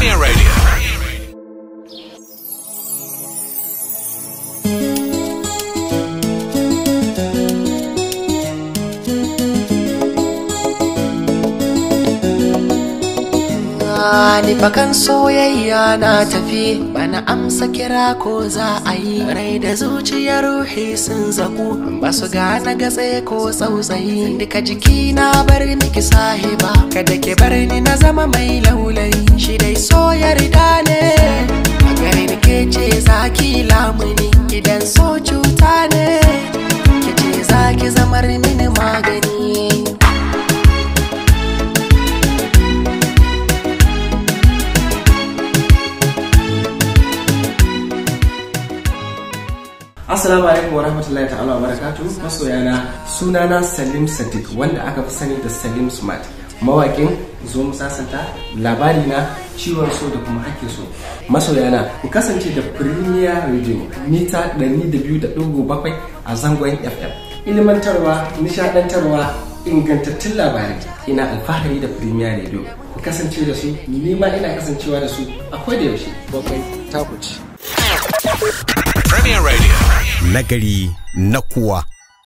Premier Radio. Ni bakan soyayya na tafi bana amsa kira ko za a yi rai da zuciyar ruhi sun zaku ba su gane gatse ko tsautsayi duka jiki na bar ki sahiba kada ke bar ni na zama mai laula ke ce zaki lamuni idan so cuta ne Ki ce zaki zamar mini magani Assalamu alaikum wa rahmatullahi ta'ala wa barakatuh masoyana sunana Salim Sadiq wanda aka fi sani da Salim Smart mawakin zo mu sasanta labari na ciwon so da kuma ake so masoyana ku kasance da premier radio mita 200.7 a zangon fm ilmantarwa nishadantarwa ingantattun labarai ina alfahari da premier radio ku kasance da su ni ma ina kasancewa da su a da yaushe bakwai takuci premier radio nagari na kuwa